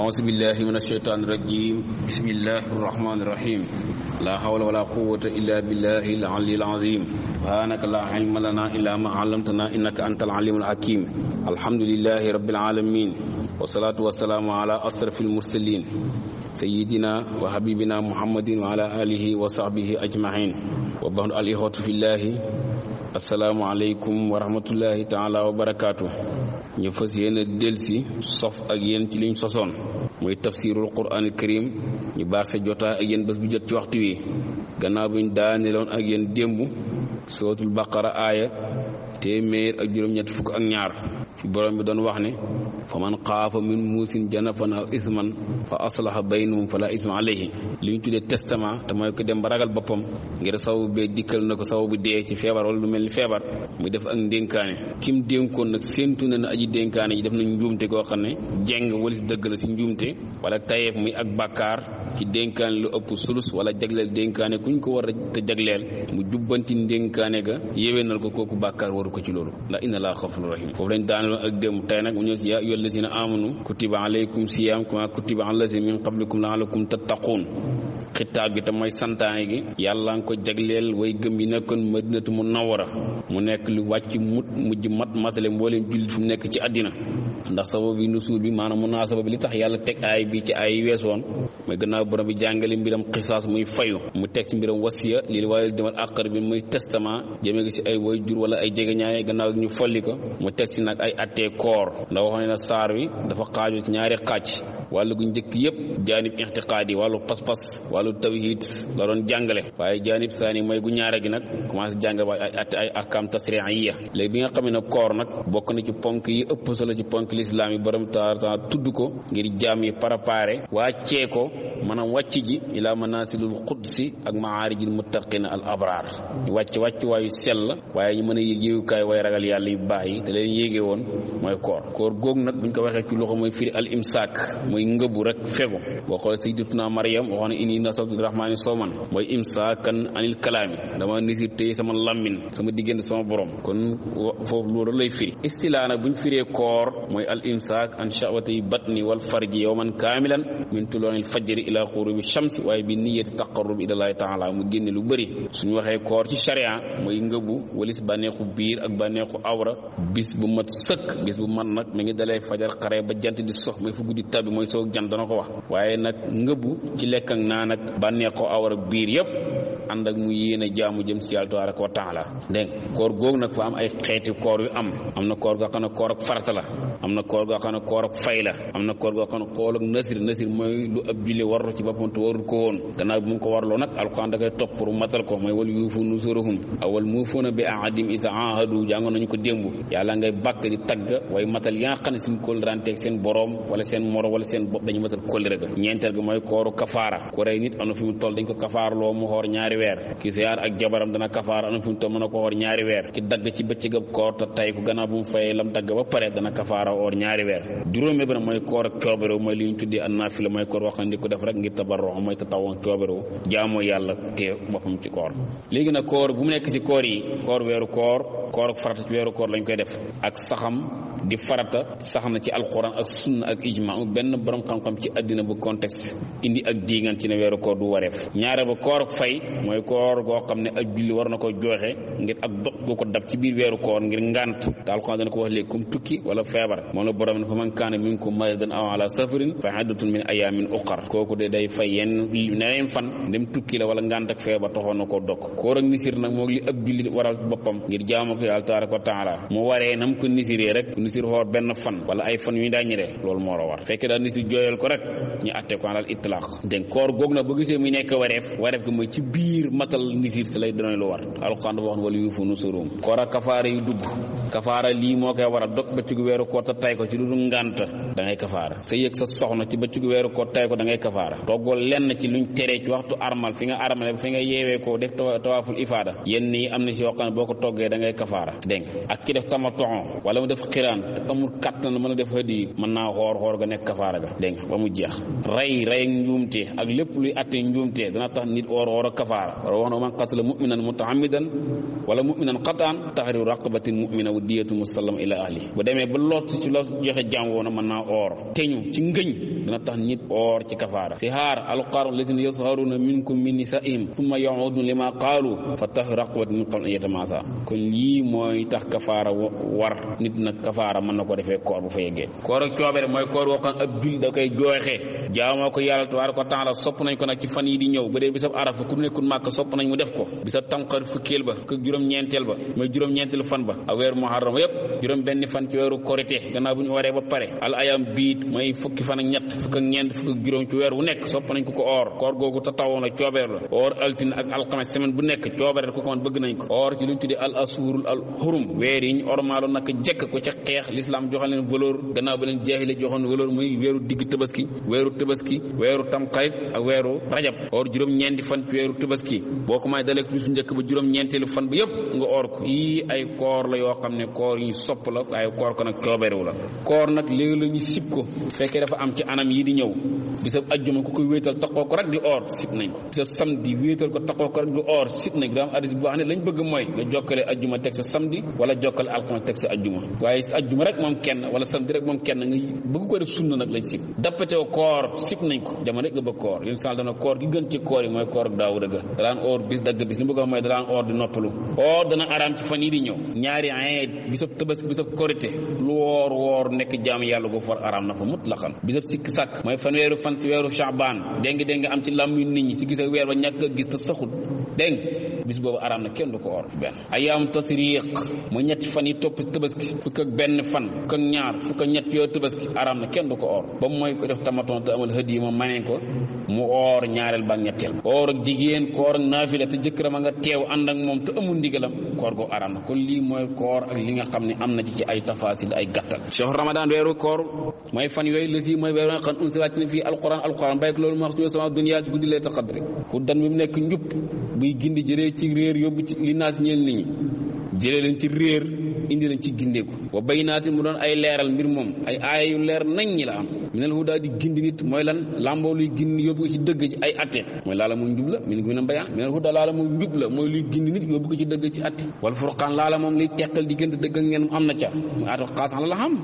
أعوذ بالله من الشيطان الرجيم بسم الله الرحمن الرحيم لا حول ولا قوة إلا بالله العلي العظيم سبحانك لا علم لنا إلا ما علمتنا إنك أنت العليم الحكيم الحمد لله رب العالمين والصلاة والسلام على أشرف المرسلين سيدنا وحبيبنا محمد وعلى آله وصحبه أجمعين وبعد الإخوة في الله السلام عليكم ورحمة الله تعالى وبركاته ñu fas yéene delsi sof ak yéen ci liñ sosoon muy tafsirul quraanil karim ñu baax sa jotaay ak yéen bés bu jot ci waxtu wi gannaaw buñ daaneeloon ak yéen démb suratul baqara aaya téeméer ak juróom-ñett fukk ak ñaar fi borom bi doon wax ne fa man xaafa min muusin janafan aw isman fa aslaha baynahum fala isma alayhi li ñu tuddee testament te mooy ko dem ba ragal boppam ngir saw bee dikkal na ko saw bu dee ci feebar wala lu mel ni feebar mu def ak ndénkaane kim dénkoon nag séentu na ne aji dénkaane ji def nañ njuumte koo xam ne jeng walis dëgg la si njuumte wala tayeef muy ak bàkkaar ci dénkaane lu ëpp sulus wala jagleel dénkaane kuñ ko war a te jagleel mu waru ko ci loolu la inna laa xafur rahim foofu lañ daanal ak démb tey nag mu ñëw si yaa ayyuhal lazina amanu kutiba alaykum siyaam kama kutiba alal lazina min qablikum laalakum tattaqun xitaab gi te mooy santaane gi yàlla nga ko jagleel way gëm yi nekkoon madinatu mu nawara mu nekk lu wàcc mut mujj mat matale mbooleem jullit fu nekk ci àddina ndax sabab yi nusuul bi maanaam naa munaasaba bi li tax yàlla teg aay bi ci aay wees woon mooy gannaaw borom bi jàngale mbiram xisaas muy fayu mu teg ci mbiram wasiya lil waalidayni wal bi muy testament jëmee gi si ay way jur wala ay jegeñaay gannaaw gi ñu folli ko mu teg ci nag ay attee koor ndax wàllu gu njëkk yëpp jaanib ixtiqaadi wàllu pas-pas wàllu tawhid la doon jàngale waaye jaanib saani mooy gu ñaare gi nag commencé jàngale waaye ay at ay ahkam tasriiya léegi bi nga xam ne koor nag bokk na ci ponk yi ëpp solo ci ponk lislaam yi borom taar taar tudd ko ngir jaam yi préparé waccee ko manam wàcc ji ila manasilul quds ak maarijil muttaqin al abrar ñu wàcc wàcc waayu sell waaye ñu mëna a yéeg kay way ragal yàlla yu baax yi te leen yegge won moy koor koor gog nak buñ ko waxe ci loxo moy firi al imsak moy ngeebu rek fegu bo xol sayyidatuna Maryam waxana inni nasawtu rahmani sooman moy imsakan anil kalaami dama nisi tey sama lamin sama diggante sama borom kon foofu loolu lay firi istilana buñ firee koor moy al imsak an shawati batni wal farji yawman kamilan min tuluunil fajri ila xurubi shams waaye bi niyati taqarrub ilallaahi taala mu génnee lu bari su suñu waxee koor ci sharia mooy ngëbu walis bànneexu biir ak bànneexu awra bis bu mat sëkk bis bu mat nag mi ngi dalee fajar xare ba jant di sox mooy fu guddi tabbi mooy soog jant dana ko wax waaye nag ngëbu ci lekk naa nag bànneekoo bànneexu awra biir yëpp andak mu yene jaamu jëm ci yalla tabaraka wa taala deng koor gog nak fa am ay xéeti koor yu am am na koor ga xana koor ak farata la am na koor ga xana koor ak fay la am na koor ga xana koor ak nasir nasir moy lu ab julli warlu ci boppam te warul ko won ganna bu ko warlo nak alquran da koy top pour matal ko moy wal yufu nusuruhum awal mufuna bi aadim isa ahadu jàngoon nañ ko dembu yalla ngay bak di tagga way matal ya xana sun ne borom wala sen moro wala sen bop dañu matal kóllëre ga ñentel ga moy kooru kafara ku rey nit anu fimu toll dañ ko lo mu hor ñaari weer ki siyaar ak jabaram dana kafaara ana fu mu toll mën a ko woor ñaari weer ki dagg ci bëccëgab koor te tay ko gannaaw bu mu fayee lam dagg ba pare dana kafaara woor ñaari weer juróome bi mooy koor ak coobare mooy li ñu tuddee an naafila mooy koor wax ni ko def rek ngir tabarroo mooy tatawon koor koor ak farata ci weeru koor lañ koy def ak saxam di farata sax na ci alquran ak sunna ak ijma benn borom xam-xam ci àddina bu contexte indi ak diigan ci ne weeru koor du wareef ñaare ba koor ak fay mooy koor goo xam ne ak julli war na ko jooxe ngir ak dog goo ko dab ci biir weeru koor ngir ngànt te alquran dana ko wax léegi tukki wala feebar moom la borom man kaana minkum maridan aw ala safarin fa iddatun min ayaamin uxar kooku de day dem tukki la wala ngànt ak feebar taxoon na koo dog koor ak nisir nag moo li ab julli waral boppam ngir jaamu ko yàlla tabaraka wa mu waree nam ko nisiree rek Nisir hor ben fan wala ay fan yu daañi ree loolu moo la war fekkee da ni si jooyal ko rek ñi atté ko alal itlaq den koor goog nag gisee muy nekk waref waref gi mooy ci biir matal nisir sa lay dana lu war alquran dafa wax ne wala yuufu nusurum koor ak yu dugg kafara li mo koy wara dok ba ci weeru ko ta tay ko ci lu dul da ngay kafara sa yek sa soxna ci ba ci weeru ko tay ko da ngay kafara togo len ci luñ téré ci waxtu armal fi nga armale fi nga yewé ko def tawaful ifada yen ni amna ci yo yoo xam ne boo da ngay kafara deng ak ki def tamattu wala mu def xiraan kattan te amul kattan mën a def hadi man na xoor xoor ga nek kafara ga deng nga ba mu jeex ray ray njumte ak lepp luy njumte dana tax nit woor woor kafara war wax man qatala muminan mutaamidan wala muminan qatan tahriru raqabatin mumina wa diyatu ila ahli bu demee ba lot ci lo joxe man na mën teñu ci ngeñ dana tax nit or ci kafaara har alqaarun lazina yuzharuna minkum min nisaihim thumma yaudun lima qalu fatahriru raqabatin min qabl yatamasa kon li moy tax kafara war nit nak kafara xaaram mën na ko defee koor bu fa yeggee koor ak coobare mooy koor woo xam ab da koy jooxe jaamoo ko yàlla tuwaar ko temps la sopp nañ ko nag ci fan yi di ñëw bu dee bisab arafa ku nekkul màkk sopp nañ mu def ko bisab tamxar fukkeel ba fukk juróom-ñeenteel ba mooy juróom-ñeenteelu fan ba ak weeru muharram yépp juróom benn fan ci weeru korité gannaaw bu ñu waree ba pare al ayam biit mooy fukki fan ak ñett fukk ñeent fukk juróom ci weer wu nekk sopp nañ ko ko or koor googu tatawoon la coobeer la or altine ak alxames semaine bu nekk coobeer ko ko man bëgg nañ ko or ci luñ tuddee al asuurul al xurum ko ca xeex l'islam joxal leen valeur gannaaw ba leen jaahile joxoon valeur muy weeru digg tabaski tabaski tam tamxarit ak wéru rajab or juróom ñenti fan ci weeru tabaski boo may dalek bisu ñëk ba juróom-ñeenteelu fan bu yëpp nga or ko yi ay koor la yo xamne koor yi sopp la ay koor ko nak nag wu la koor nak leg la ñu sib ko fekkee dafa am ci anam yi di ñëw bisab aljuma ku koy wétal takko ko rek di or sip nañ ko bisab samedi wétal ko takko ko rek di or sip nañ ko daa am addis bu baax lañ bëgg moy nga jokalé aljuma tek sa samedi wala jokal alquran tek sa aljuma waye aljuma rek mom kenn wala samedi rek mom kenn nga bëgg ko def sunna nak lañ sib dappetew koor trop sib nañ ko jamono rek nga bëgg koor yéen sal dana koor gi gën ci koor yi mooy koor daawuda ga daan oor bis dagg bis li bëgg mooy daan oor di noppalu oor dana araam ci fan yi di ñëw ñaari ayet bisab tëbas bisab korité lu woor woor nekk jaam yàlla gu far araam na fa mutlaqan bisab sikk sàkk mooy fanweeru fan ci weeru chaban dégg nga dégg nga am ci làmmiñ nit ñi si gis ak weer ba ñàkk a gis te saxul dégg bis bobu araam na kenn du ko or ben ayyam tasriq mo ñetti fan yi top tebeski fuk ak ben fan fukk ak ñaar fuk ak ñet yo tebeski araam na kenn du ko or ba moy ko def tamaton te amul hëdd yi ma ko mu or ñaarel ba ñettel or ak jigen ko or nafila te jëkkëram a nga tew ànd ak mom te amul ndigalam koor go araam ko li moy mooy koor ak li nga xamni amna ci ci ay tafasil ay gàttal cheikh ramadan weeru koor moy fan yooyu lësi mooy weeru nga xam ci wàcc ni fi alquran alquran bàyyi ko loolu mu wax sama dunya ci guddile lay taqadri ku dan bi mu nekk njub buy gind jëlee ci réer yóbbu ci li naas ñeel nit ñi leen ci réer indi leen ci gindeeku wa bayyinaatin mu doon ay leeral mbir moom ay aaya yu leer nañ ñi la am minal daal di gindi nit mooy lan làmboo luy gindi yóbbu ko ci dëgg ci ay atte mooy laala moom njub la min minal bayaan minal hudaa laala moom njub la mooy luy gindi nit yóbbu ko ci dëgg ci atte wal furqaan laala moom liy teqal diggante dëgg ak ngeen am na ca mu aatu xaas la xam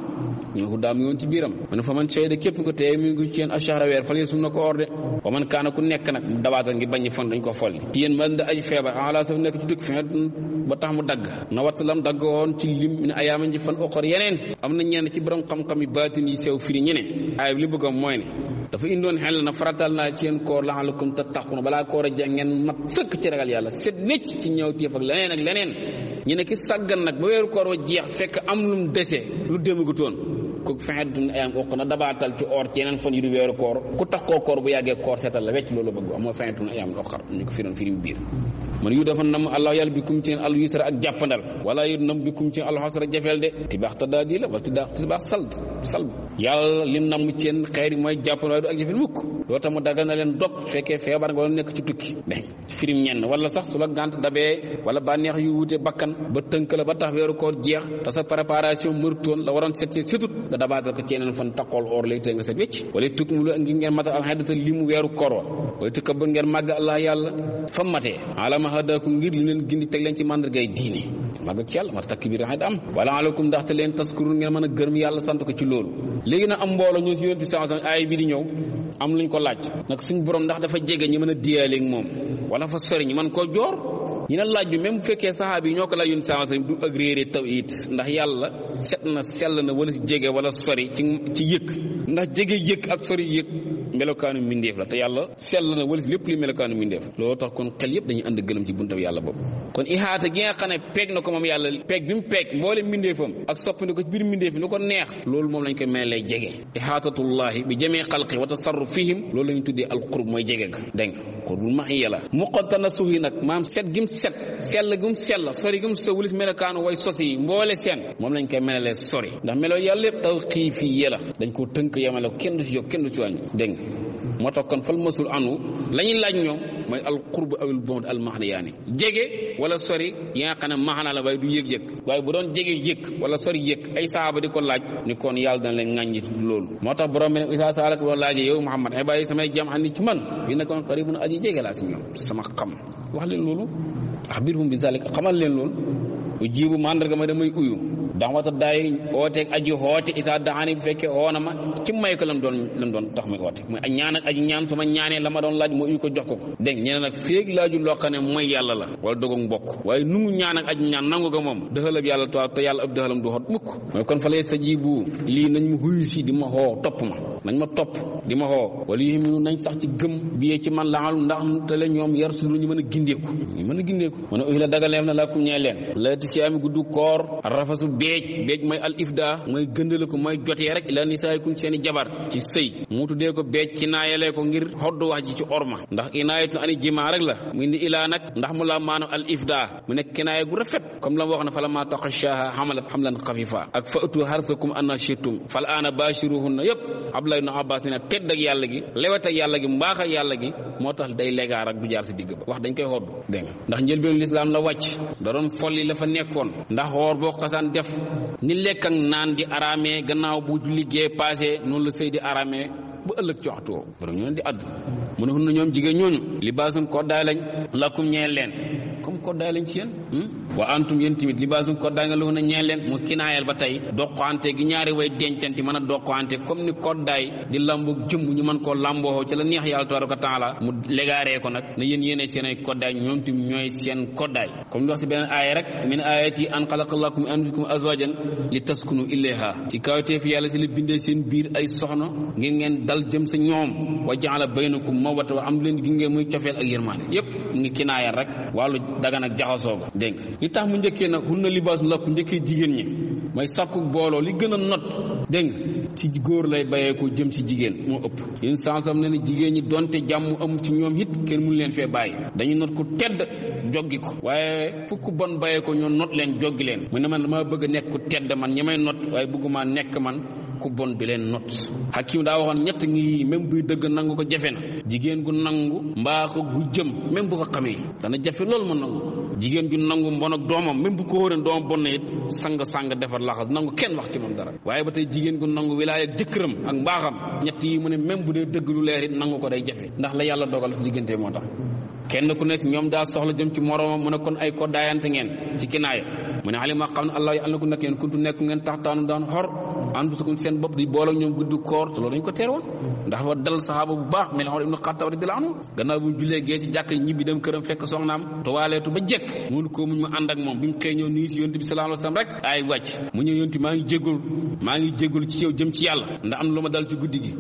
ñu xuddaa mu yoon ci biiram mu ne fa man seede képp ko teye mu ngi ci yéen ashahra weer fal yasum na ko de wa man kaana ku nekk nag mu dabaata ngi bañ fan dañ ko folli ci yéen man da aj ah, dagg na watt lam dagg woon ci lim ci fan oxor yeneen am na ñenn ci borom xam-xam yi baatin yi sew firi ñeneen ay li bëgg mooy na faratal naa ci yéen koor laxalakum te taquna balaa koor a jeex ngeen mat sëkk ci ragal yàlla set necc ci ñëw téef ak leneen ak leneen ñu ne ki sàggan nag ba weeru koor wa jeex fekk am lum dese lu démagutoon ku fexeddun ayam uq na dabaatal ci or ci yeneen yu du weeru koor ku tax koo koor bu yàggee koor seetal la wecc loolu bëgg mooy fexeddun ayam uqar ñu ko fi doon firi biir man yu dafa nam allah yal bi kum ci al yusra ak jappandal wala yu nam bi kum ci al hasra jafeel de tibaax tadaadi la wala tibaax tibaax sald sald yal lim nam ci en yi moy jappandal ak jafeel mukk loo tax mu dagal na leen dog fekkee feebar nga nek ci tukki mais firim ñen wala sax su gant gànt wala banex yu wute bakkan ba tënk la ba tax weeru koor jeex ta sa préparation mërutoon la waron set surtout da dabaatal ko ci yeneen fan takol or lay te nga set wecc wala tuk mu lu ngi ngeen al alxaydata limu weeru koro wala ba ngeen mag allah yalla fa matee alama hadaakum ngir li leen gindi teg leen ci màndargay diine mag ak ma takk biir raxet am wala aleykum ndaxte leen taskurun ngeen mën a gërëm yàlla sant ko ci loolu léegi nag am mbooloo ñoo si yonent bi saa aay bi di ñëw am luñ ko laaj nag suñ borom ndax dafa jege ñi mën a diyaaleeg moom wala fa sori ñi mën koo joor ñu ne laaj bi même bu fekkee saxaaba yi ñoo ko laaj yoon saa du ak réere ndax yàlla set na sell na wala jege jege yëkk melokaanu mindeef la te yàlla sell na walis lépp li melokaanu mbindeef loolu tax kon xel yëpp dañu ànd gëlëm ci buntam yàlla boobu kon ihaata gi nga xam ne peeg na ko moom yàlla peeg bi mu peeg mboole mbindeefam ak soppandi ko ci biir mindeef lu ko neex loolu moom lañ ko mele lay jege ihaatatullahi bi jamee xalqi wa tasarruf fihim loolu la ñu tuddee alqurb mooy jege ga dégg nga qurbul maxiya la muqantana suhi nag maam set gim set sell gum sell sori gum sa walis melokaanu way sos yi mboole seen moom lañ koy melalee sori ndax melo yàlla yëpp taw xiifi la dañ ko tënk yamale kenn du ci yokk kenn du ci wàññi dégg nga moo tax kon fal masul anu la ñuy laaj ñoom mooy al qurb awil bond al mahnayaani jege wala sori yi nga xam ne maxanaa la waaye du yëg-yëg waaye bu doon jege yëg wala sori yëg ay saaba di ko laaj ni kon yàlla dana leen ŋàññi loolu moo tax borom bi ne isa saalaka wa laajee yow Muhammad ay bàyyi samay jam xam ni ci man bi nekkoon qaribun aji jege laa si ñoom sama xam wax leen loolu axbirhum bi zalika xamal leen loolu jibu mandarga ma damay uyu daxwata daay ooteeg aji xoote isaa daxaani bu fekkee oona ma ci may ko lam doon tax muy oote muy ñaan ak ñaan su ma ñaanee la ma doon laaj moo uñu ko jox ko ko dégg ñeneen nag féeg laaju loo xam ne mooy yàlla la wala dogoog mbokk waaye ñaan ak aji ñaan nangu ko moom dëxal ab yàlla toi te yàlla ab kon fa lay sa jibu lii nañ ma xuyu si di ma xoo topp ma nañ ma topp di ma xoo wala yi minu nañ sax ci gëm biyee ci man laxalu ndax te la ñoom yar su ñu mën a gindeeku ñu mën a gindeeku mën a uyu la dagaleef na laa kum ñee leen déej déej mooy al ifda mooy gëndale ko mooy jotee rek ila nisaayikum seen i jabar ci sëy mu tuddee ko beej ci naayalee ko ndax la mu indi ilaa nag ndax mu la maanaam al la mu wax ne fa la maa taxashaaha xamalat xamlan xafifa ak fa atu harsakum anna shitum fal aana gi moo tax day legaar ak ba wax dañ koy xodd njëlbeenu lislaam la wàcc da doon folli la fa nekkoon ndax xoor boo xasaan def ni lekk ak naan di araamee gannaaw bu liggéey passé noonu la sëy di araamee ba ëllëg ci waxtu woowu borom ñoo di àdd mu ne xun na ñoom jigéen ñooñu libaasun koddaay lañ lakum ñeel leen comme koddaay lañ ci yéen hmm? wa antum yéen tamit libaasun koddaay nga lu na ñeen leen mu kinaayal ba tey doqante gi ñaari way dencanti mën a doqante comme ni koddaay di lambug jëmm ñu mën koo lamboo ci la neex yàlla tabaraka taala mu légaaree ko nag ne yéen yéene seen ay ñoom tamit ñooy seen koddaay comme li wax si beneen aaya rek min ayati an xalaqa lakum min anfusikum azwajan li taskunu ilayha ci kawteef yàlla si la bindee seen biir ay soxna ngir ngeen dal jëm sa ñoom wa jaala baynakum mawata wa am leen gi ngeen muy cofeel ak yërmaane yépp mu ngi kinaayal rek wàllu dagan ak jaxasoo ko dégg li tax mu njëkkee nag hunna libaasun lakum njëkkee jigéen ñi mooy sakku booloo li gën a not dégg nga ci góor lay bàyyeekoo jëm si jigéen moo ëpp yéen sansam ne ne jigéen ñi donte jàmm amul ci ñoom it kenn mënu leen fee bàyyi dañu not ku tedd joggi ko waaye fukk bon bàyyeekoo ñoo not leen joggi leen mu ne man dama bëgg nekk ku tedd man ñi may not waaye bëgguma nekk man ku bon bi leen not Hakim daa waxoon ñett ngi même buy dëgg nangu ko jafe na jigéen gu nangu mbaa ko gu jëm même bu ko xamee dana jafe loolu mu nangu jigéen gu nangu mbon doomam même bu ko wóoree doomam bon na it sang sang defar laxas nangu kenn wax ci moom dara waaye ba tey jigéen gu nangu wilaay ak jëkkëram ak mbaaxam ñett yi mu ne même bu dee dëgg lu leer nangu ko day jafe ndax la yàlla dogal ci diggante moo tax kenn ku ne si ñoom daa soxla jëm ci moroomam mu ne kon ay ko daayante mu ne alima xam ne allah yi àlla ko nekk ngeen tax taanu daan xor an busukum seen bopp di boole ñoom ko teer woon ndax wa bu baax mel xor ibnu xattaab radiyallaahu anhu gannaaw bu ñu jullee gee ci jàkk ñibbi dem këram fekk soxnaam moom bi mu xëy ñëw nii ci yontu bi sallallaahu alayhi wa sallam rek ay wàcc mu maa ngi jégul maa ngi jégul ci yow ci yàlla ndax am lu ma dal ci guddi gi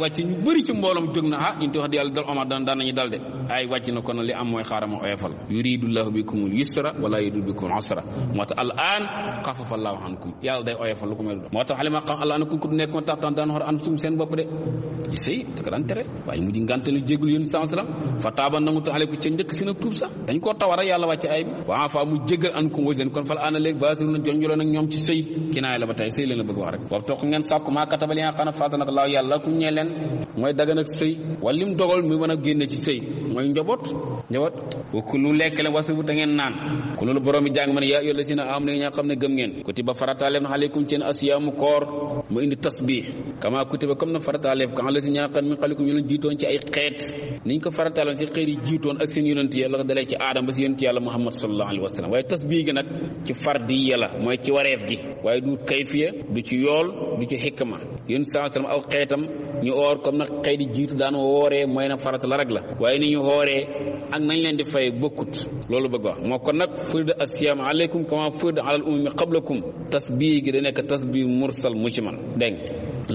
wàcc ñu bëri ci mbooloom jóg na ah ñu te wax di yàlla dal daan daan nañu dal de ay wàcc na kon li am mooy xaaral ma oyofal yuridu llaahu bikumul yusra wala yuridu bikumul moo tax al'aan xafafa allahu ankum yàlla day oyofal lu ko mel moo tax alima xaf al'aan ku nekk ma tax daan xor an sum seen bopp de ci sëy da ko tere waaye mu di ngàntalu jéggul yéen saa salaam fa taaba nangu tax aleyku njëkk si nag tuub sax dañ koo tawara yàlla wàcce ay waa mu jéggal an kum wajen kon fal aana léegi basiru na jonjoloo nag ñoom ci sëy kinaay la ba tey sëy leen la bëgg wax rek waaw toog ngeen sàkku maa katabal yi nga a la si na amanu yi nga xam ne gëm ngeen kutiba farataaleef na aleykum seen asiyaamu koor mu indi tasbih kama kutiba comme na farataaleef kan la si ñaa xam min xalikum yu jiitoon ci ay xeet niñ ko farataaloon si xeet jiitoon ak seen yonent yàlla ko dalee ci aadama ba si yonent yàlla muhammad sallallahu alayhi wa sallam waaye tasbih gi nag ci fardiya la mooy ci wareef gi waaye du kayfiya du ci yool lu ci hikma yéen saa sallam aw xeetam ñu or comme nak xeydi jitu daan woré moy na farata la rek la way ni ñu horé ak nañ leen di fay bokut lolu bëgg wax moo kon nag furd asiyam alaykum kama furd al ummi qablakum tasbih gi de nek tasbih mursal mu ci man dégg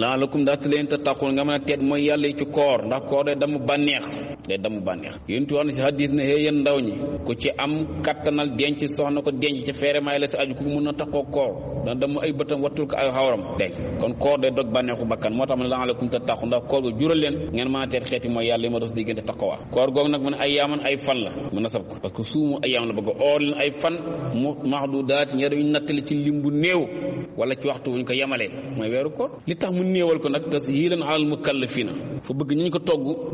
laalakum ndaxte leen ta taxul nga mëna tet moy yàlla ci koor ndax koor day dama banex day damu bànneex yéen tuwax na si hadis ne xëy yéen ndaw ñi ku ci am kattanal denc soxna ko denc ci feere may la si aju ku mën a taxoo koor dana damu ay bëtam wattul ko ay xawram dégg kon koor day dog bànneexu bakkan moo tax ma ne la aleykum te taxu ndax koor ga jural leen ngeen mën a teet xeeti mooy yàlla yi ma dos diggante taqawaa koor googu nag mu ne ay yaaman ay fan la mu nasab ko parce que suumu ay yaam la bëgg oor leen ay fan mu maxdudaat wala ci waxtu wuñ ko yemalee mooy weeru koor li tax mu néewal ko nag tas yii leen alal mukallafina fa bëgg ñu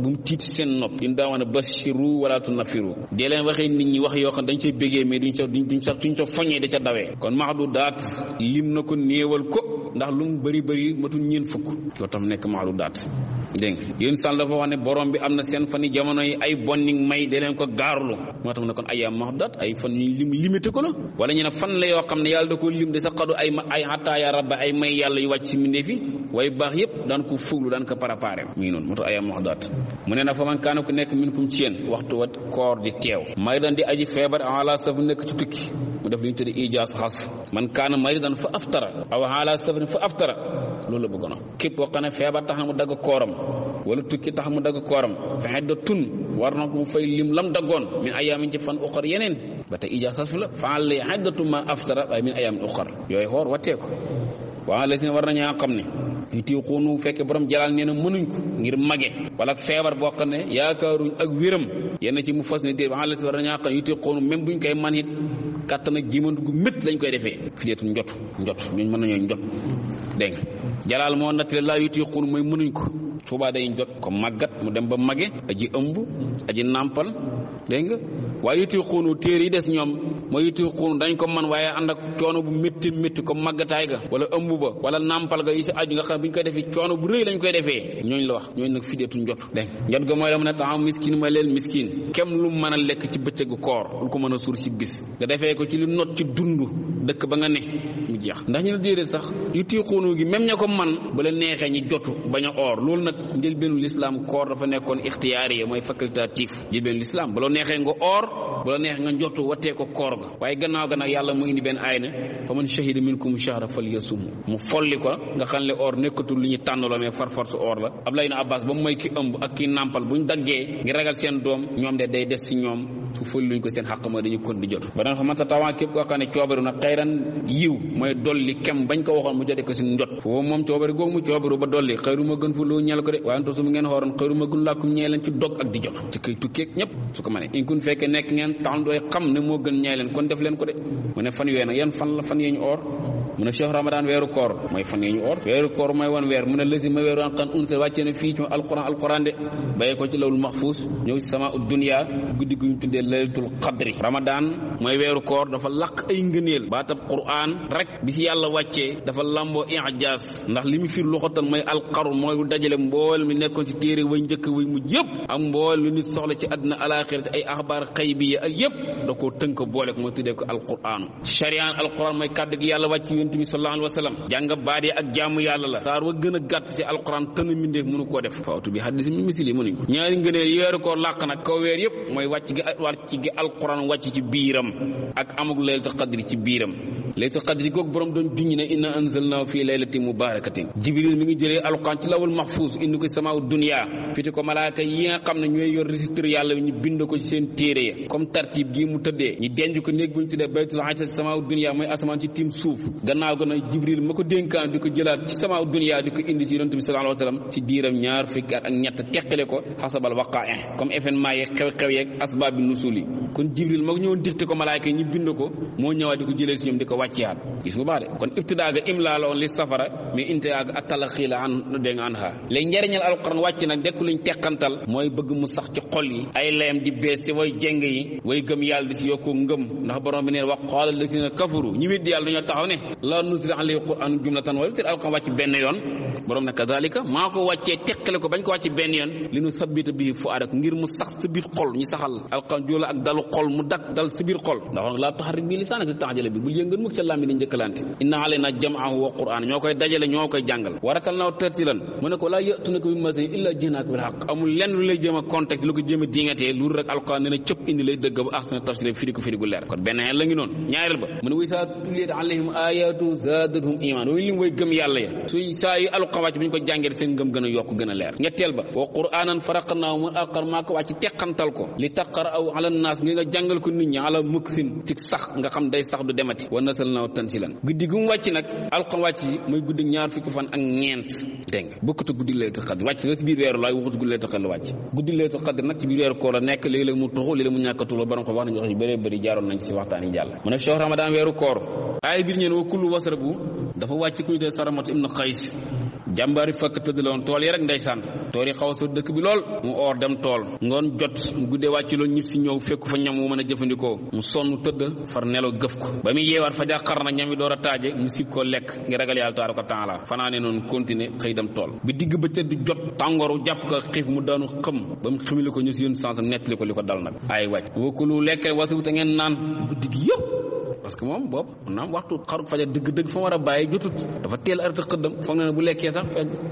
mu tiiti seen nopp yin daawoon a bashiru wala tunafiru dee leen waxee da ca dawee kon mahdudaat lim na ko néewal ko ndax lu mu bëri bëri matul ñeen fukk yoo tam nekk mahdudaat dégg nga yéen sàll dafa wax ne borom bi am na seen fan yi jamono yi ay bonni may da leen ko gaarulu moo tax ne kon ay am mahdudaat ay fan ñu lim limité ko la wala ñu ne fan la yoo xam ne yàlla da ko lim de sa xadu ay ay xataa yaa rabba ay may yàlla yu wàcc si mbindéef yi baax yëpp daan ko fuglu daan ko préparé mi moo tax ay am daat mu ne fa man kaana ku nekk min kum ci yéen waxtu wa koor di teew may daan di aji feebar ala safa nekk ci tukki mu def li ñu aw ala safa fa aftara loolu la bëggoon képp koo xam ne feebar tax mu dagg kooram wala tukki tax mu dagg kooram fexe da tun war na ko mu fay lim lam daggoon min ayaamin ci fan uxar yeneen ba tey ija sas fu la faal lay xaddatu ma aftara waaye min ayaam uxar yooyu xoor wattee ko waaw les ne war nañaa xam ne yu tiw xoonu fekkee borom jalaal nee na mënuñ ko ngir mage wala feebar boo xam ne yaakaaruñ ak wéram yenn ci mu fas ne déet waaw les war nañaa xam yu tiw xoonu même buñ koy man it kàttan ak lañ koy defee fi deetu njot njot ñooñ mën nañoo njot dégg nga jalaal moo nattale laa yu tiw xoonu mooy mënuñ ko suubaa day njot ko màggat mu dem ba mage aji ëmb aji nàmpal dégg nga waaye yuti xuunu téer yi des ñoom mooy yuti xuunu dañ ko man waaye ànd ak coono bu métti métti ko màggataay ga wala ëmb ba wala nàmpal ga yi si aju nga xam bu ñu koy defee coono bu rëy lañ koy defee ñooñ la wax ñooñu nag fideetuñ jot dégg njot ga mooy la mu ne taam miskin ma leen miskin kem lu mën a lekk ci bëccëgu koor lu ko mën a suur ci bis nga defee ko ci lu not ci dund dëkk ba nga ne jeex ndax ñu ne déedéet sax yu tiixoonoo gi même ña ko man ba la neexee ñi jotu bañ a oor loolu nag njëlbeenu lislaam koor dafa nekkoon ixtiyaari mooy facultatif njëlbeenu lislaam ba la neexee nga oor ba la neexee jotu watee ko koor ga waaye gannaaw ga nag yàlla mu indi benn aay ne fa man shahida minkum shahra falyasum mu folli ko nga xam ne oor nekkatul lu ñu tànnaloo mais far force oor la Ablaye na Abbas ba mu may ki ëmb ak ki nàmpal bu ñu daggee ngi ragal seen doom ñoom de day des ci ñoom su fëlluñ ko seen xàq mooy dañu kon di jot ba daan fa man sa tawaan képp wax xam coobaru na xayran yiw mooy dolli kem bañ ko waxoon mu jote ko suñu njot foofu moom coobari googu mu coobaru ba dolli xayruma gën fu lu ñeel ko de waaye su mu ngeen xooroon xayruma gën làkkum ñee leen ci dog ak di jot ci kay tukkeeg ñëpp su ko mënee in kun fekkee nekk ngeen taxam dooy xam ne moo gën ñee leen kon def leen ko de mu ne fan yooyu nag yan fan la fan yee ñu or من شهر رمضان وير كور ما يفني يور وير كور ما يوان وير من الذي ما وير أن أنزل وجهنا فيه من القرآن القرآن ده بيا كوتش لول محفوظ نيو السماء الدنيا قد يكون تد ليلة القدر رمضان ما وير كور ده فلق إنجيل باتب القرآن رك بسيا الله وجه ده فلامو إعجاز نحلمي في لغة ما القر ما يودج لمبول من يكون تيري وينجك ويمجب أم بول من الصلاة أدنى الآخرة أي أخبار قيبي أيب دكتور تنكو بولك ما تدك القرآن شريان القرآن ما يكاد يالله وجه yonent bi ak jaamu yàlla la saar wa gën a gàtt si alquran tën a mbindeef koo def fawtu bi hadis mi misil yi mënuñ ko ñaari ngëneel yi weeru koor làq nag kaw weer yëpp mooy wàcc gi wàcc wàcc ci biiram ak amuk laylatul qadri ci biiram laylatul qadri ngi jëlee alquran ci lawul mahfuz indi ko sama dunya fiti ko malaaka yi nga xam ne ñooy yor registre yàlla ñu bind ko seen téere ya comme tartib gii mu tëddee ñu denc ko néeg bu ñu tuddee gannaaw ko nag jibril ma ko dénkaan di ko jëlaat ci sama duniyaa di ko indi ci yonent bi sallallahu alayhi wa sallam ci diiram ñaar fukki ak ñett teqale ko xasabal waqaa'i comme événement yeeg xew-xew yeeg asbaab bi nusul yi kon jibril ma ko ñëwaat di ko jëlee si ñoom di ko wàcceeyaat gis bu baax de kon ibtidaa ga imlaa la woon li safara mais intihaa ga ak talaqi la an dégg nga an haa léegi njëriñal alquran wàcc nag dekk luñ teqantal mooy bëgg mu sax ci xol yi ne la nuzila alayhi qur'an jumlatan wa yutir alquran wàcc benn yoon borom ne kadalika maa ko wàccee teqale ko bañ ko wàcc benn yoon li nu sabbita bihi fuadak ngir mu sax sa biir xol ñu saxal alquran joola ak dalu xol mu dak dal sa biir xol ndax wax laa taxarik bi lisaanak li taxajale bi bul yëngal mukk ca làmmi di njëkkalante inna alayna jam'ahu wa qur'an ñoo koy dajale ñoo koy jàngal waratal na tartilan mu ne ko laa yëtunaka bi masin illa jinaak bil xaq amul lenn lu lay jëm a contexte lu ko jëm a dingatee lu rek alquran ne na cëpp indi lay dëgg ba ahsana tafsir firi ko firi gu leer kon benn la ngi noonu ñaareel ba mu ne wa saa tuliyat alayhim aya aatu zaadathum iman wooyu lim mooy gëm yàlla ya suñ saa yu alquran wàcc bu ñu ko jàngee seen ngëm gën a yokk gën a leer ñetteel ba wa quraanan faraqnaahu mun alqar maa ko wàcc teqantal ko li taqara aw ala naas nga nga jàngal ko nit ñi ala muksin ci sax nga xam day sax du demati wa nasalnaahu tansilan guddi gu mu wàcc nag alquran wàcc mooy guddi ñaar fukki fan ak ñeent dégg nga bokkatu guddi laylatul qadr wàcc la ci biir weeru laay waxut guddi laylatul qadr wàcc guddi laylatul qadr nag ci biir weeru koor la nekk léeg-léeg mu a tuxu borom ko wax nañu wax yu bëree aay biir ñeen wa kullu wasrabu dafa wàcc ku ñu dee saramatu ibnu xays yi fakk tëdd la woon tool yi rek ndeysaan tool yi xaw a dëkk bi lool mu oor dem tool ngoon jot mu guddee wàcc lool ñib si ñëw fekk fa ñam mu mën a jëfandikoo mu sonn tëdd far nelaw gëf ko ba mu yeewaat fa jaa xar na ñam yi door a taaje mu sib koo lekk ngi ragal yàlla taaru ko temps la fanaane noonu continuer xëy dem tool bi digg ba tëdd jot tàngooru jàpp ko xiif mu daanu xëm ba mu ximili ko ñu si yónni sansam nettali ko li ko dal nag ay wàcc wakulu lekk ngeen naan guddi gi parce que moom boobu naam waxtu xaruk fajar dëgg-dëgg fa mu war a bàyyi jotut dafa teel arata xëddam foog na ne bu lekkee sax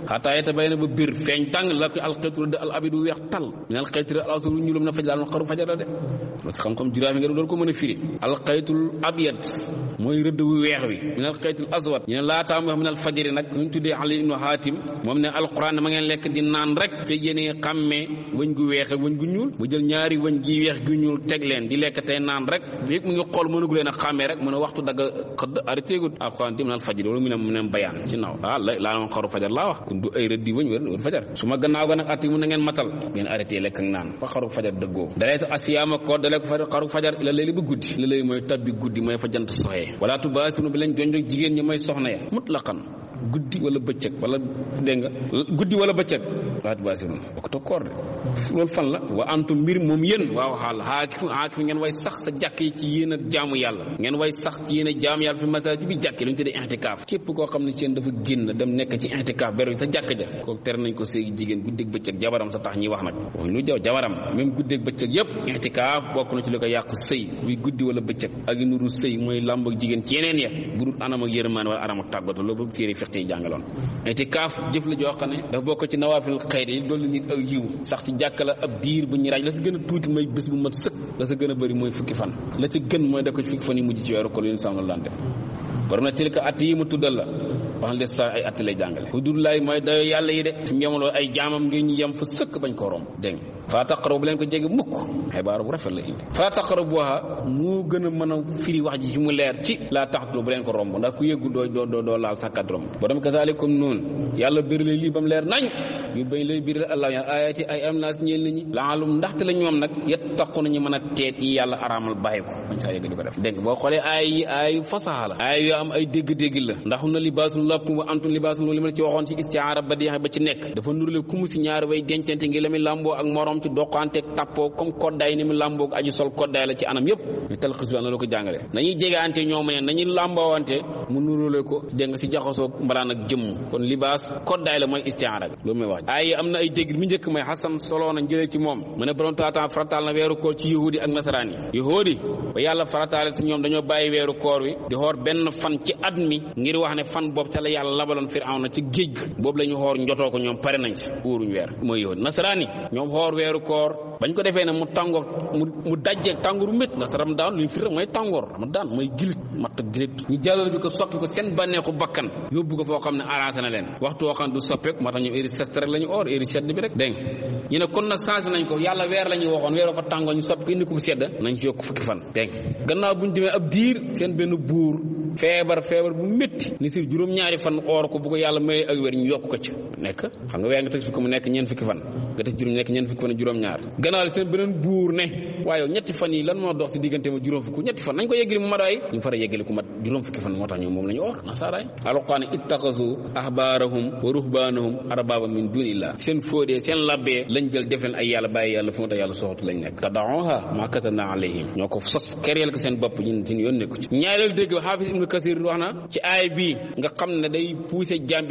xataa yeta bay na ba biir feeñ tàng la weex tal na faj laa xaruk fajar la de parce que xam a firi alxaytul abyad mooy rëdd wu weex bi min alxaytul aswad ñu ne laataam wax ne ma ngeen lekk di naan rek fee yéene xàmmee wëñ gu weex ak wëñ gu ñuul bu jël ñaari wëñ gi weex gu ñuul teg leen di lekk tey naan rek mu ngi xool mënagu leen a xàmmee rek mën a waxtu dagg xëdd arrêté gud alquran di mënal fajar loolu mu ne mu ne bayaan ci naaw ah la laa moon fajar laa wax kon du ay rëdd yi wëñ wër fajar su ma gannaaw ga nag atti mun na ngeen matal ngeen arrêté lekk ak naan fa xaru fajar dëggoo dalee asiyaama ko dalee ko fa xaru fajar la léegi bi guddi la léegi mooy tabbi guddi mooy fa jant soxee wala tubaasinu bi lañ jonjog jigéen ñi mooy soxna ya mutlaqan guddi wala bëccëg wala dégg nga guddi wala bëccëg laa tubaasirun bokk toog koor de loolu fan la wa antum mbir moom yéen waaw xaal xaakifu xaakifu ngeen way sax sa jàkk yi ci yéen ak jaamu yàlla ngeen way sax ci yéen a jaam yàlla fi masal ci bi jàkk lu ñu tuddee intikaaf képp koo xam ne ci yéen dafa génn dem nekk ci intikaaf beru sa jàkk ja kooku tere nañ ko séegi jigéen guddeeg bëccëg jabaram sa tax ñuy wax nag waxuñ lu jaw jabaram même guddeeg bëccëg yépp intikaaf bokk na ci li ko yàq sëy luy guddi wala bëccëg ak nuru sëy mooy làmb jigéen ci yeneen ya bu dul anam ak yonent yi jàngaloon itikaaf jëf la joo xam ne dafa ko ci nawaafil xayri yi dolli nit ak yiw sax ci jàkka la ab diir bu ñuy raaj la si gën a tuuti mooy bés bu mat sëkk la sa gën a bëri mooy fukki fan la ci gën mooy da ko ci fukki fan yi mujj ci weeru ko lu yéen sàmm daan def borom na tilka at yi mu tuddal la wax des sa ay at jangale hudullahi xududullaay dayo yalla yi de suñu ay jaamam ngeen ñu yam fu sekk bañ ko romb dégg fa taqrabu len ko jege mukk xibaar bu rafet la indi fa taqrabuha moo gën a mën firi wax ji ci mu leer ci la taxtu bu len ko romb ndax ku yëggu do do do laal sa kadrom borom kasaalikum noonu nun yalla lii li bam leer nañ yu bañ lay biral allah ya ayati ay am naas ñeel la alum ndax te la ñoom nag yattaqu ñu mëna a teet yi yalla aramal baye ko bañ sa yegg def dégg bo xolé ay yi ay fasaha la aay am ay deg deg la ndax na libasul lab wa antum libasul lu limal ci waxon ci isti'ara ba ba ci nek dafa nurule kumu si ñaar way dencante ngi lami lambo ak morom ci doqante tappoo comme day ni mi ak aju sol day la ci anam yep ni talxis bi an la ko jangale nañu jegaante ñom ma nañu lambo wante mu nurule ko deng ci si jaxasoo mbalaan ak jëmm kon ko day la moy isti'ara lu may wax wàññi ay am na ay dégg mi njëkk may xasan soloo nañ jëlee ci moom mu ne borom taatan farataal na weeru koor ci yahuudi ak nasaraan yi ba yàlla farataale si ñoom dañoo bàyyi weeru koor wi di xoor benn fan ci at mi ngir wax ne fan boobu ca la yàlla labaloon firaw na ci géej boobu la ñu xoor njotoo ko ñoom pare nañ si uuruñ weer mooy yoon nasaraan ñoom xoor weeru koor bañ ko defee ne mu tàngoor mu mu dajjeeg tàngooru métti ndax sa ramadaan lu ñu mooy tàngoor ramadaan mooy gilit matt gilit ñu jàllal bi ko soppi ko seen bànneexu bakkan yóbbu ko foo xam ne arrangé na leen waxtu woo xam du soppeeku moo tax ñu heure or heure sedd rek dégg ñu kon nag changé nañ ko yàlla weer la waxoon weer fa tàngoor ñu soppi ko indi ko fu sedd nañ ci yokk fukki fan dégg gannaaw bu ñu demee ab diir seen benn buur feebar feebar bu métti ni si juróom-ñaari fan or ko bu ko yàlla mayee ak weer ñu yokk ko ci nekk xam nga weer nga teg fi mu nekk ñeen fukki fan nga def juróom ñaar gannaaw seen beneen buur ne waaye ñetti fan yi lan moo dox si diggante ma juróom fukk ñetti fan nañ ko yeggali mu madaay ñu fara yeggali ku mat juróom fukki fan wa ruhbaanahum arbaaba min dunillah seen fóodee seen labbee lañ jël def leen ay yàlla bàyyi yàlla fu mu a yàlla soxatu lañ nekk tadaoha ma katana alayhim ñoo ko sos kereel ko seen bopp ñun seen yoon nekku ci ñaareel dégg xaafis ibnu kasir wax na ci aay bii nga xam ne day poussé jaam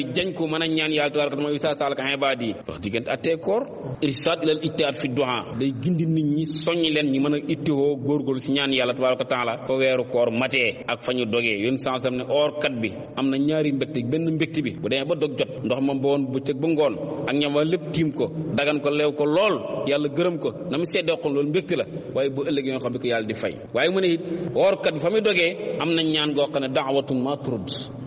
a saat ilal ittihaad fi duha day gindi nit ñi soññ leen ñu mën a ittihoo góorgóorlu si ñaan yàlla tabaaraka taala fa weeru koor matee ak fa ñu dogee yoon sansam ne or kat bi am na ñaari mbégte benn mbekti bi bu demee ba dog jot ndox ma ba bu bëccëg ba ngoon ak ñam wa lépp tiim ko dagan ko leew ko lool yàlla gërëm ko na mu seddee xol loolu mbégte la waaye bu ëllëgee nga xam ne ko yàlla di fay waaye mu ne it or kat bi fa muy dogee am na ñaan goo xam ne daawatun ma turud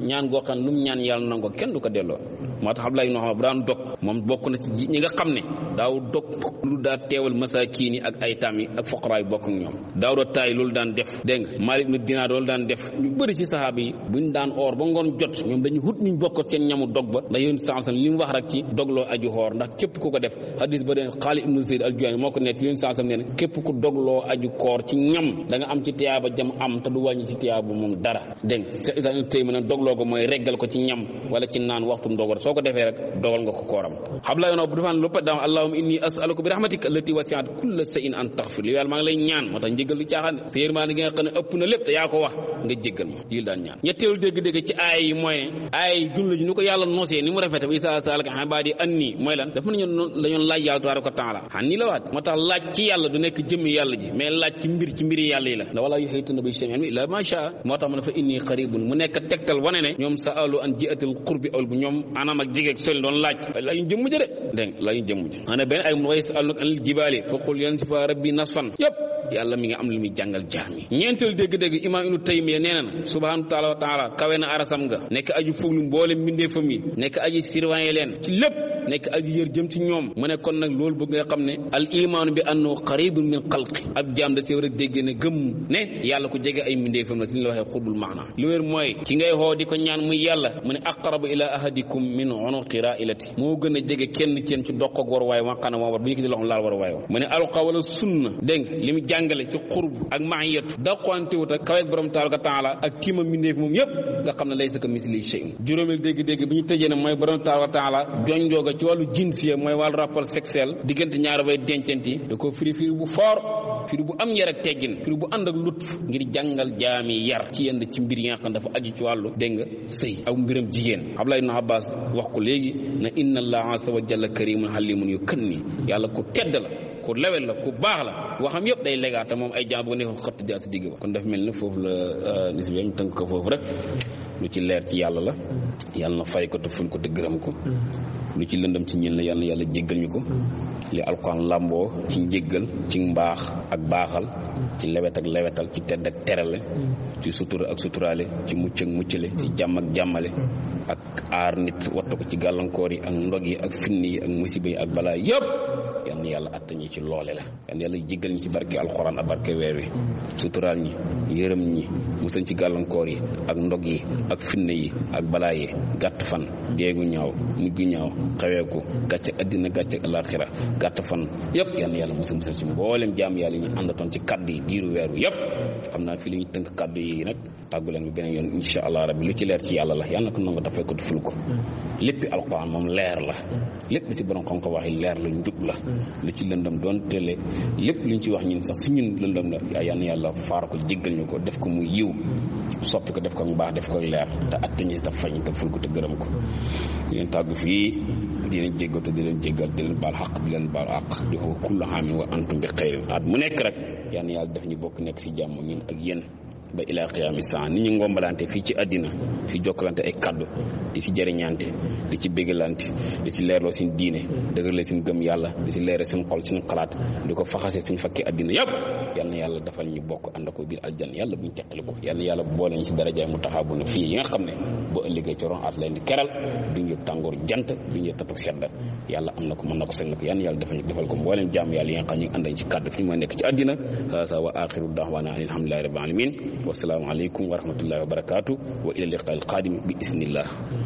ñaan goo xam ne lu mu ñaan yàlla nangu kenn du ko delloo moo tax Abdoulaye Noxam bu daan dog moom bokk na ci ñi nga xam ne daaw dog lu daa teewal masaakiin yi ak ay taam yi ak foqaraa yi bokk ak ñoom daaw da taay loolu daan def dégg nga Maalik ibn daan def ñu bëri ci saxaaba yi buñ daan oor ba ngoon jot ñoom dañu hut ñu bokk seen ñamu dog ba ndax yéen sansan li mu wax rek ci dogloo aju xoor ndax képp ku ko def hadis ba deen Xaalid ibn Zayd al-Juhani moo ko nekk yéen sansam nee képp ku dogloo aju koor ci ñam da nga am ci tiyaaba jam am ta du wàññi ci tiyaaba moom dara dégg nga tey mën na dogloo ko mooy regal ko ci ñam wala ci naan waxtu ndogal soko defé rek dogal nga ko koram xabla yono bu defaan loppa dam allahumma inni as'aluka bi rahmatika allati wasi'at kull shay'in an taghfir li yal ma ngi lay ñaan moo jéggal lu caaxaan seyir ma nga xam ne ëpp na lepp te yaa ko wax nga jéggal ma yil daan ñaan ñetteelu dégg-dégg ci ay yi mooy ne aay junla ji ko yalla noosee ni mu rafété ba isa salaka ibaadi anni moy lan dafa ñu lañu laaj yalla tabaraka taala hanni la wat moo laaj ci yalla du nekk jëm yalla ji mais laaj ci mbir ci mbiri yalla yi la la wala yuhituna bi shay'in la ma sha moo tax mu ne fa inni qareebun mu nekk tektal wane ñom sa'alu an ji'atil qurbi aw bu ñoom anam ak jigéen ak doon laaj laa ñu jëmm de dégg laa ñu jëmm ja benn ay wa yas'alunaka anil jibaali fa qul yansifuha rabbi nasfan yëpp yàlla mi nga am lu muy jàngal jaam yi ñeenteel dégg-dégg imaam ibnu taymiya nee na na subhaanahu taala wa taala kawe na arasam nga nekk aju fuglu mboolem mbindeefam yi nekk aji sirwaye ci lépp nek ak yeur jëm ci ñom mu ne kon nak lool bu nga xamne al iman bi annoo qaribun min qalq ab jam da ci wara a ne gëm ne yàlla ko jégué ay minde fam na ci la waxe qurbul maana lu wér moy ci ngay ho diko ñaan muy yàlla mu ne aqrabu ila ahadikum min unuq railati mo gëna jégué kenn ci ci dokk ak war way waxana mo war bu ñu ko di loxom laal war way mu ne alqa wala sunna dégg li jàngale ci qurb ak ma'iyat da qanti wut ak kawek borom taala ka taala ak kima minde moom yëpp nga xamne laysa ka misli shay juromel degg dégg-dégg bu ñu tëjee ne mooy borom taala ta'ala taala jonjooga ko ci wàllu jinsiya mooy wàllu rapport sexuel diggante ñaari way yi da ko firi firi bu fort firi bu am yar ak teggin firi bu ànd ak lutf ngir jàngal jaami yar ci yenn ci mbir yi nga xam dafa aju ci wàllu dégg nga sëy ak mbiram jigéen xam Abdullah ibn Abbas wax ko léegi na inna allah azza wa jalla karimun halimun yu kën ni yàlla ko tedd la ku lewet la ku baax la waxam yëpp day legaata moom ay jàmbu ne ko xott jaasi digg ba kon daf mel ne foofu la euh, nisbi ñu tënk ko foofu rek lu ci leer ci yàlla la yàlla na fay ko te ful ko te gërëm ko lu ci lëndëm ci ñun la yàlla na yàlla jéggal ñu ko li alkon làmboo ci njéggal ci mbaax ak baaxal ci lewet ak lewetal ci tedd ak terale ci sutura ak suturaale ci mucc ak le ci jàmm ak jàmmale ak aar nit wattu ko ci gàllankoor yi ak ndog yi ak finn yi ak musiba yi yëpp yal na yàlla atta ñi ci loole la yal na yàlla jéggal ñi ci barke alxuraan ak barke weer wi suturaal ñi yërëm ñi musañ ci gàllankoor yi ak ndog yi ak finne yi ak balaa yi gàtt fan deegu ñaaw mujj gu ñaaw xaweeku gàcce addina gàcce alaxira gàtt fan yëpp yal na yàlla musal musal ci mboolem jaam yàlla ñu àndatoon ci kaddu yi diiru weer wi yëpp xam naa fi li tënk kaddu yi nag tàggu leen bi beneen yoon incha allah rabbi lu ci leer ci yàlla la yàlla na ko nangu dafay ko duful mm. ko léppi moom leer la lépp ci borom xam wax leer la njub la lu ci lëndëm doon télé lépp lu ñu ci wax ñun sax su ñun lëndam la yal na yàlla faar ko jéggal ñu ko def ko mu yiw soppi ko def ko mu baax def ko leer te atte ñi te fañ te ful te gërëm ko di leen tàggu fii di leen jéggal te di leen jéggal di leen baal xaq di leen baal xaq di ko kullu xaamin wa antum bi xayrin at mu nekk rek yal yàlla def ñu bokk nekk si jàmm ñun ak yenn ba ila qiyamis saa ni ñu ngombalante fi ci adina si jokkalante ay kaddu di ci jëriñante di ci bégalante di ci leerloo sin diine le sin gem yalla di ci leere sin xol sin xalaat diko faxase sin fakki adina yeb yalla yalla dafal ñu bokk andako bir aljan yàlla buñ teqali ko yal na yàlla boole ñu mu taxabu na fi yi nga xamne bo ëllige ci ron at leen di keral duñ ñu tangor jant duñ ñu tapak sedd yàlla am ko mëna ko sen ko yalla yalla yàlla ñu defal ko leen jaam yalla yi nga ñu ci kaddu fi mo nekk ci adina sa wa akhiru dawana alhamdulillahi rabbil alamin والسلام عليكم ورحمة الله وبركاته وإلى اللقاء القادم بإذن الله